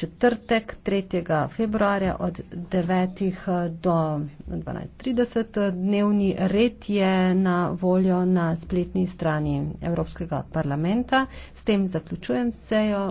četrtek, 3. februarja od 9. do 12.30. Dnevni red je na voljo na spletni strani Evropskega parlamenta. S tem zaključujem sejo.